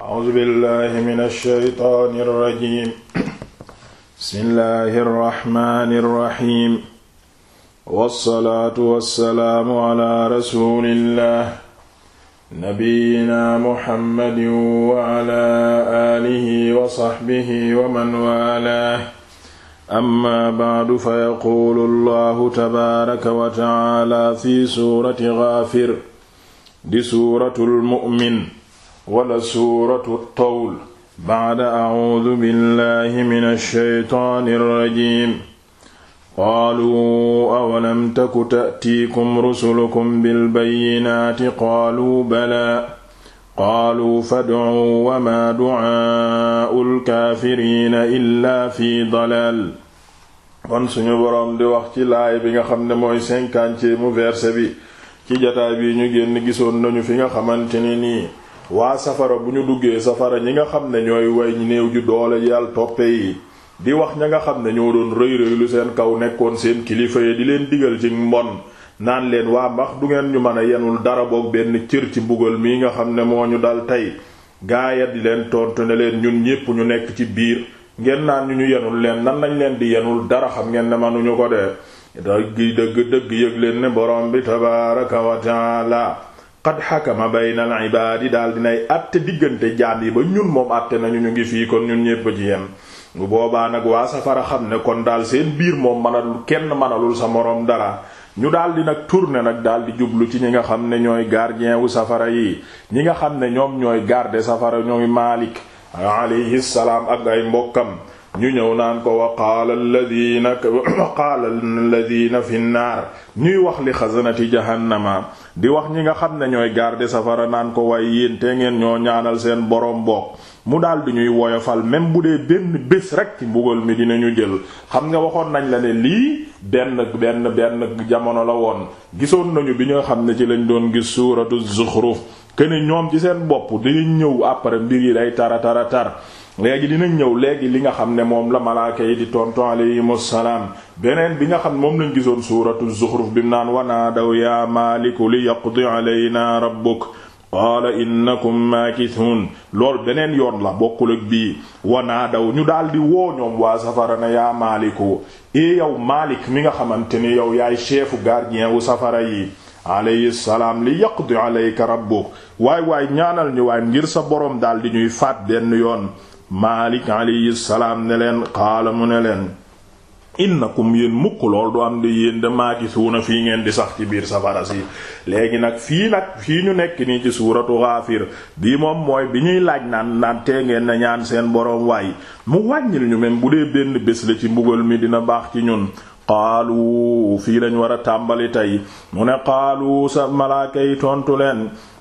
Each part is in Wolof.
a'uuzu billahi mina shaytaani rajiim bismillahi rahmaani rahiim wassalaatu wassalaamu ala rasulillah nabiyyina muhammadin wa ala alihi wa sahbihi wa man waalaahu amma ba'du fa yaquulu allahu tabaaraka wa ta'aala fi suurati gaafir di suuratul mu'min wala suuratu tawl ba'da a'uudu billahi mina shaytaani rajiim qaaluu awalam taku ta'tiikum rusulukum bilbayyinaati qaaluu balaa qaaluu fad'uu wamaa du'aa'u lkaafiriina illaa fi dalaal kon suñu boroom di wax ci laay bi nga xam ne mooy cinquantième verset bi ci jataay bi ñu génn gisoon nañu fi nga xamante ne nii waa safara bu ñu duggee safara ñi nga xam ne ñooy way néew ju doole yàlla toppe yi di wax ña nga xam ne ñoo doon rëy rëy lu seen kaw nekkoon seen kilifa yi di leen digal ci mbon naan leen waa mbax du ngeen ñu mën a yenul dara boog benn cër ci mbugal mii nga xam ne moo ñu dal tey gaaya di leen tontu ne leen ñun ñépp ñu nekk ci biir ngeen naan ñu ñu yenul leen nan nañ leen di yenul dara xam ngeen ne mënuñu ko dee dëgg dëgg dëgg leen ne borom bi tabaaraka wa taala qad xakama bayna al ibaadi daal dinay àtte diggante jaan yi ba ñun moom àtte nañu ñu ngi fii kon ñun ñépp ci yem bu boobaa nag waa safara xam ne kon daal seen biir moom mënalul kenn mënalul sa moroom dara ñu daal di nag tourner nag daal di jublu ci ñi nga xam ne ñooy gardien wu safara yi ñi nga xam ne ñoom ñooy garder safara ñooy Maalik alayhi salaam ak ay mbokkam ñu ñëw naan ko wa qaala alladina wa qaala alladina fi ñuy wax li xasanati jahannama di wax ñi nga xam ne ñooy garde safara naan ko waaye yéen te ngeen ñoo ñaanal seen boroom bokk mu daal di ñuy woyofal même bu dee benn bés rek ci mbugal mi dinañu jël xam nga waxoon nañ la ne lii benn benn benn jamono la woon gisoon nañu bi ñoo xam ne ci lañ doon gis suuratu zuxruf kene ñoom ci seen bopp dinañ ñëw après mbir yi day tara tara tar léegi dinañ ñëw léegi li nga xam ne moom la malaaka yi di tontu alayhim assalaam beneen bi nga xam ne moom lañ gisoon suuratu zuxruf bi mu naan wa naa daw yaa maaliku li yaqdi alaynaa rabbuk qaala innakum maakithun loolu beneen yoon la bokkul ak bii wanaa daw ñu daldi woo ñoom waa safara na yaa maaliku ee eh yow maalik mi nga xamante ni yow yaay chefu gardien wu safara yi alayhi salaam li yaqdi alayka rabbuk waay waay ñaanal ñu waay ngir sa boroom daldi ñuy faat benn yoon Maalik alayhi salaam ne leen qaala mu ne leen innakum yéen mukk lool du am de yéen de maakisuuna fii ngeen di sax ci biir safara si léegi nag fii nag fii ñu nekk nii ci suuratu Gaafir bii moom mooy bi ñuy laaj naan naan tee ngeen na ñaan seen boroom waay mu wàññil ñu même bu dee benn bés la ci mbugal mi dina baax ci ñun qaalu fii lañ war a tàmbali tey mu ne qaalu sa malaaka yi tontu leen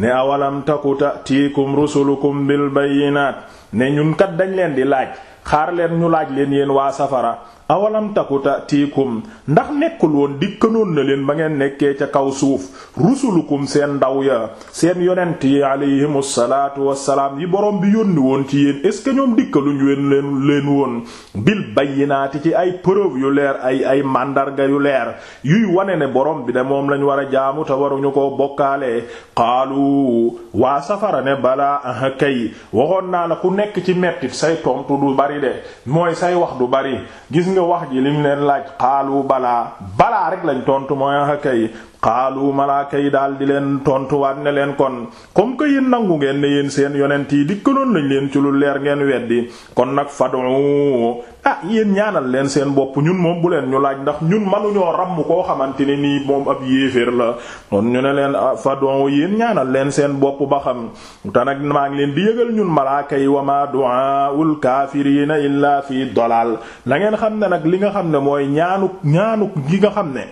ne awalam taku ta'tiikum rusulukum bil bayyinaat ne ñun kat dañ leen di laaj xaar leen ñu laaj leen yéen waa safara awalam taku ta'tiikum ndax nekkul woon dikkanoon na leen ba ngeen nekkee ca kaw suuf rusulukum seen ndaw ya seen yonent yi alayhimu salaatu wassalaam yi borom bi yónni woon ci yéen est ce que ñoom dikkaluñ wen leen leen woon bil bayyinaati ci ay preuve yu leer ay ay màndarga yu leer yuy wane ne borom bi de moom lañ war a jaamu te waruñu ko bokkaale qaalu waa safara ne balaa aha waxoon naa la ku nekk ci mettit say tontu du bari de mooy say wax du bari gis nga wax ji lim leen laaj xaalu balaa balaa rek lañ tontu mooy xakka ah, yi xaalu malaaka yi daal di leen tontuwaat ne leen kon comme que yéen nangu ngeen ne yéen seen yonent yi dikkaloon nañ leen ci lu leer ngeen weddi kon nag fadon ah yéen ñaanal leen seen bopp ñun moom bu leen ñu laaj ndax ñun ñoo ramm koo xamante ne nii moom ab yéeféer la kon ñu ne leen ah, fadu yéen ñaanal leen seen bopp ba xam te nag maa ngi leen di yëgal ñun malaaka yi wa ma du'aul kaafiriina illaa fi dolal la ngeen xam ne nag li nga xam ne mooy ñaanuk ñaanuk gi nga xam ne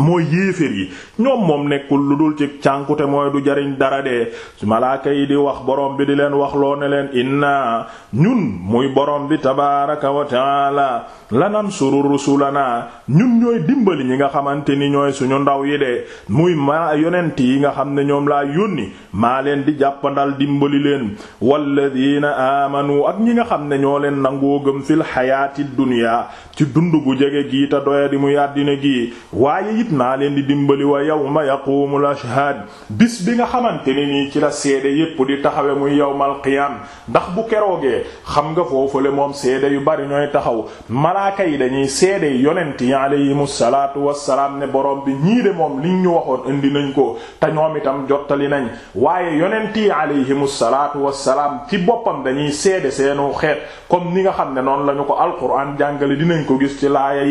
mooy yéeféer yi ñoom moom nekkul lu dul ci cànkute mooy du jariñ dara de malaaka yi di wax borom bi di leen wax loo ne leen inna ñun muy borom bi tabaaraka wa taala lanansuru rusulana ñun ñooy dimbali ñi nga xamante ni ñooy suñu ndaw yi de muy ma yonent yi nga xam ne ñoom laa yónni maa leen di jàppandal dimbali leen walladina amanu ak ñi nga xam ne ñoo leen nangoo gëm fil xayaati dunya ci dund gu jege gii ta doya di mu yàddina gi waaye it naa leen di dimbali wa yawma yaqumul ashhad bis bi nga xamante ne nii ci la seede yépp di taxawee muy yawmal qiyam ndax bu keroogee xam nga foofule moom seede yu bari ñooy taxaw malaaka yi dañuy seede yonent yi alayhimu salaatu wassalaam ne borom bi ñii de moom liñ ñu waxoon indi nañ ko te ñoom itam jottali nañ waaye yonent yi alayhimu salaatu wassalaam ci boppam dañuy seede seenu xeet comme ni nga xam ne noonu lañu ko alquran jàngale dinañ ko gis ci laaya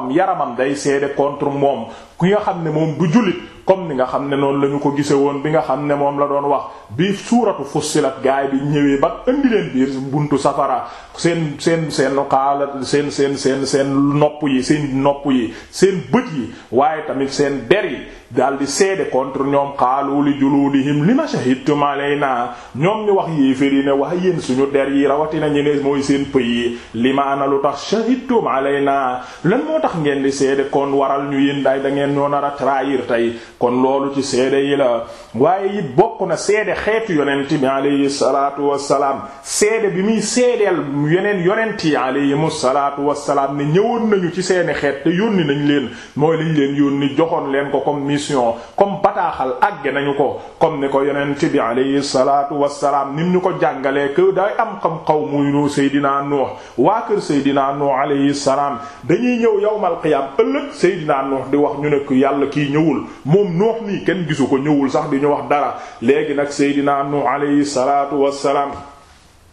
boppam yaramam day seede contre moom ki xam ne moom du jullit comme ni nga xam ne noonu la ñu ko gise woon bi nga xam ne moom la doon wax bi suuratu fussilat gaay bi ñëwee ba indi leen biir buntu safara seen seen seen xaala seen seen seen seen nopp yi seen nopp yi seen bët yi waaye tamit seen der yi daal di seede contre ñoom xaalu li juluudihim li ma shahidtum alayna ñoom ñu wax yéefér yi ne wax yéen suñu der yi rawatina ñu ne mooy seen pëy yi li ma ana lu tax shahidtum alayna lan moo tax ngeen di seede kon waral ñu yéen daay da ngeen ñoo a trahir tey kon loolu ci seede yi la waaye it bokk na seede xeetu yonent bi alayhi salaatu salaam seede bi muy seedeel yeneen yonent yi alayhimu salaatu wa salaam ne ñëwoon nañu ci seeni xeet te yónni nañ leen mooy liñ leen yónni joxoon leen ko comme mission comme bataaxal àgge nañu ko comme ni ko yonent bi alayhi salaatu salaam nim ñu ko jàngalee que day am xam xaw muy noo Seydina Nuux waa kër Seydina Nuux alayhi salaam dañuy ñëw yawmal qiyaam ëllëg Seydina Nuux di wax ñu ne yàlla kii ñëwul ñoom noox nii kenn gisu ko ñëwul sax di ñu wax dara léegi nag seydinaa nuux alayhi salaatu salaam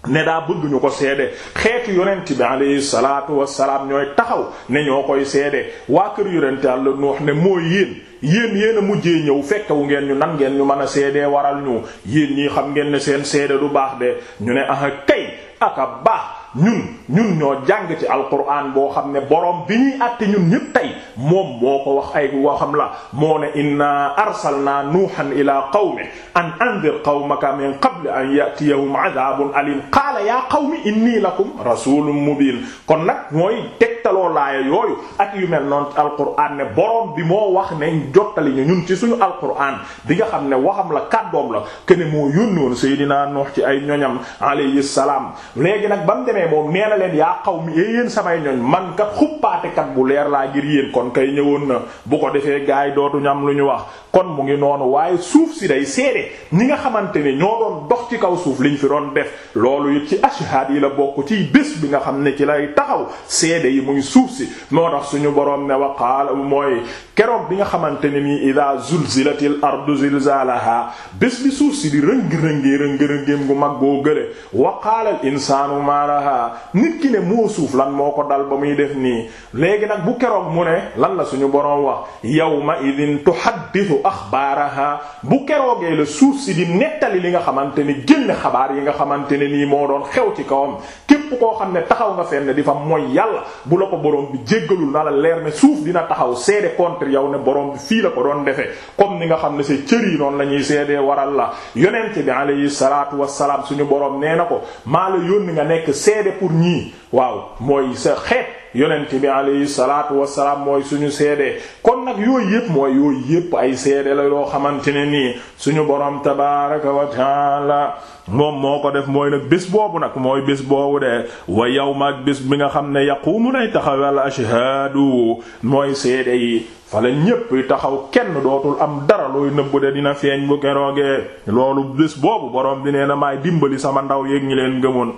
ne daa bëgg ñu ko seede xeetu yonent bi alayhi salaatu wassalaam ñooy taxaw ne ñoo koy seede waa kër yonent Yàlla Nuux ne mooy yéen yéen yéen a ñëw ñëw fekkewu ngeen ñu nan ngeen ñu mën a seede waral ñu yéen ñi xam ngeen ne seen seede du baax de ñu ne aha kay aka baax ñun ñun ñoo jàng ci alquran boo xam ne borom bi ñuy àtte ñun ñëpp tey moom moo ko wax ay waxam la moo ne inna arsalna nuuhan ila qawmi an anzir qawmaka min qabli an ya'tiyahum adhabun alim qaala ya qawmi inni lakum rasulun mubin kon nag mooy tegtaloo laaya yooyu ak yu mel noonu alquran ne borom bi moo wax ne jottali ñu ñun ci suñu alquran bi nga xam ne waxam la kàddoom la kene moo yónnoon Seydina Nuux ci ay ñoñam alayhi salaam léegi nag ba mu demee moom nee na leen yaa xaw mi eh, yéen samay ñoñ man kat xuppaate kat bu leer laa ngir yéen kon kay ñëwoon na bu ko defee gaay yi dootu ñam lu ñu wax kon mu ngi noonu waaye suuf si day seede ñi nga xamante ne ñoo doon dox ci kaw suuf liñ fi doon def loolu ci ashhad yi la bokk ci bés bi nga xam ne ci lay taxaw seede yi muy suuf si moo tax suñu boroom ne wa qaala mooy keroog bi nga xamante ne nii ida zulzilatil ardu zilzalaha bés bi suuf si di rëngi-rëngee rëngi-rëngéem gu mag goo gële wa qaala al insaanu maa laha nit ki ne moo suuf lan moo ko dal ba muy def nii léegi nag bu keroog mu ne lan la suñu boroom wax yawma idin tuhaddithu axbaaraha bu keroogee la suuf si di nettali li nga xamante ni génne xabaar yi nga xamante ne nii moo doon xew ci kawam képp koo xam ne taxaw nga fenn di la ko borom bi jéggalul na la leer ne suuf dina taxaw seede contre yow ne borom bi fii la ko doon defee comme ni nga xam ne sa cër yi noonu la ñuy seedee waral la yonent bi alayhi salaatu wassalaam suñu borom nee na ko maa la yónni nga nekk seede pour ñii waaw mooy sa xeet yonent bi alayhi salaatu salaam mooy suñu seede kon nag yooyu yëpp mooy yooyu yëpp ay seede la yoo xamante ne nii suñu borom tabaaraka wa taala moom moo ko def mooy nag bés boobu nag mooy bés boobu de wa yow ak bés bi nga xam ne yaqumu nay taxawal ashhaadu mooy seede yi fale ñépp taxaw kenn dootul am dara looy nëbb de dina feeñ bu keroogee loolu bés boobu borom bi nee na maay dimbali sama ndaw yeeg ñi leen gëmoon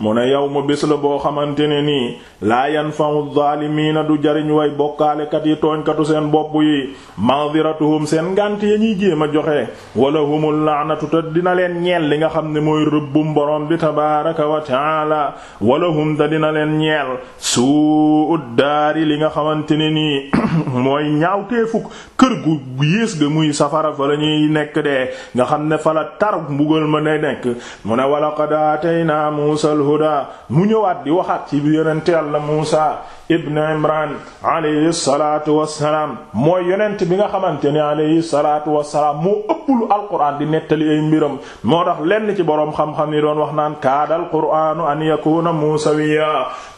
mu ne yow ma bés la boo xamante ne nii laa yanfa'u zaalimiina du jariñ way bokkaalekat yi tooñkatu seen bopp yi maghfiratuhum seen ngànt ya ñuy jéem a joxe wala humul la'natu te dina leen ñeel li nga xam ne mooy rëbbum borom bi tabaaraka wa la wala hum te dina leen ñeel su'ud daari li nga xamante ne nii mooy ñaawteefuk kër gu yées ga muy safara fa la ñuy nekk de nga xam ne fa la tar mbugal ma ne nekk mu ne wala qad atayna Musa al mu ñëwaat di waxaat ci yonente Yàlla Muusa ibn imran alayhi salaatu wassalaam mooy yonent bi nga xamante ni alayhi salaatu wassalaam moo ëpp lu alquran di nettali ay mbiram moo tax lenn ci boroom xam-xam yi doon wax naan kaadal qur'anu an yakuna muusawiya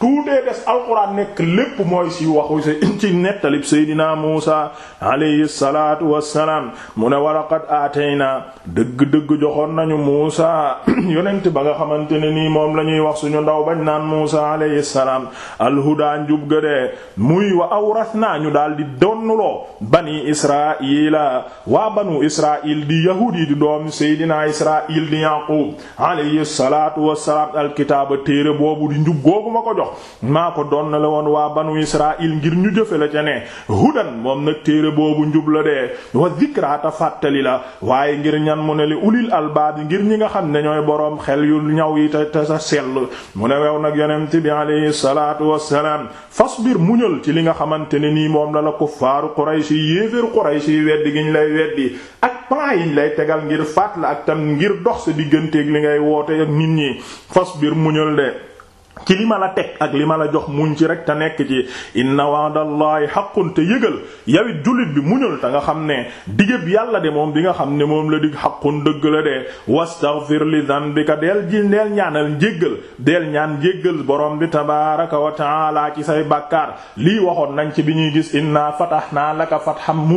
tuutee des alquran nekk lépp mooy si waxu si ci musa seydina muusa alayhi salaatu wassalaam mu ne walaqad aatayna dëgg-dëgg joxoon nañu muusa yonent ba nga xamante ne nii moom la ñuy wax suñu ndaw bañ naan muusa alayhi salaam alhuda njub ga de muy wa awrasna ñu daal di donnuloo bani israila waa banu israil di yahud yi di doom seydina israil di yaqub alayhi salatu wasalaam alkitaaba téere boobu di njub googu ma ko jox maa ko donnale woon waa banu israil ngir ñu jëfe la ca ne hudan moom nag téere boobu njub la de wa zikraata fàttali la waaye ngir ñan mu ne li ulil albaab ngir ñi nga xam ne ñooy boroom xel yu ñaw yi te sa sell mu ne wew nag yonent bi alayhi salatu wasalaam fasbir muñal ci li nga xamante ne nii moom la la kuffaaru Quraysh yi yéeféeru Quraysh yi weddi gi ñu lay weddi ak plan yiñ lay tegal ngir faat la ak tam ngir dox sa digganteeg li ngay woote ak nit ñi biir muñal de ci li ma la teg ak li ma la jox muñ ci rek te nekk ci inna wa'dallahi haqqun te yëgal yawit jullit bi muñul te nga xam ne digéb yàlla de moom bi nga xam ne moom la dig haqqun dëgg la de wastaghfir li dhanbika deel ji deel ñaanal njéggal deel ñaan njéggal borom bi tabaraka wa taala ci say bàkkaar lii waxoon nañ ci bi ñuy gis inna fatahna laka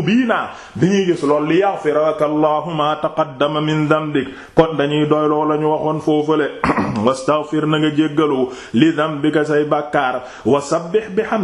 bii naa bi ñuy gis lool li yaghfiraka allahu ma taqaddama min dhanbik kon dañuy doy loo la ñu waxoon li dambika say bàkkaar wa xam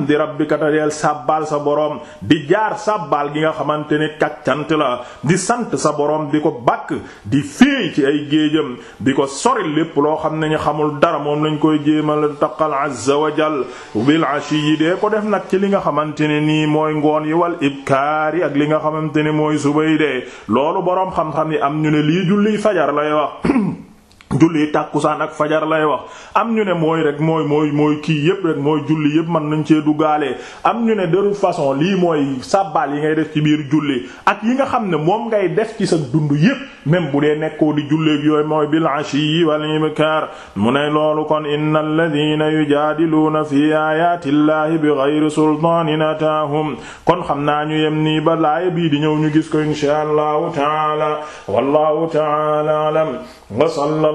di rabbika ta deel sàbbaal sa boroom bi jaar sàbbaal gi nga xamante ne kaccant la di sant sa boroom di ko bàkk di féey ci ay géejam di ko sori lépp loo xam ne ñu xamul dara moom lañ koy jéemal taqal azza wa jal bil ashi yi dee ko def nag ci li nga xamante ne nii mooy ngoon yi wal ibkaar yi ak li nga xamante ne mooy suba yi dee loolu boroom xam-xam yi am ñu ne lii julliy fajar lay wax julli tàkkusaan ak fajar lay wax am ñu ne mooy rek mooy mooy mooy kii yëpp rek mooy julli yëpp man nañ cee duggaale am ñu ne de façon lii mooy sàbbaal yi ngay def ci biir julli ak yi nga xam ne moom ngay def ci sa dund yëpp même bu dee nekkoo di julleek yooyu mooy bil ashi wal ibkar mu ne loolu kon inna alladina yujadiluuna fi ayati llahi bi ghayri sultaanin ataahum kon xam naa ñu yem nii ba laaya bii di ñëw ñu gis ko inshaa allahu taala alam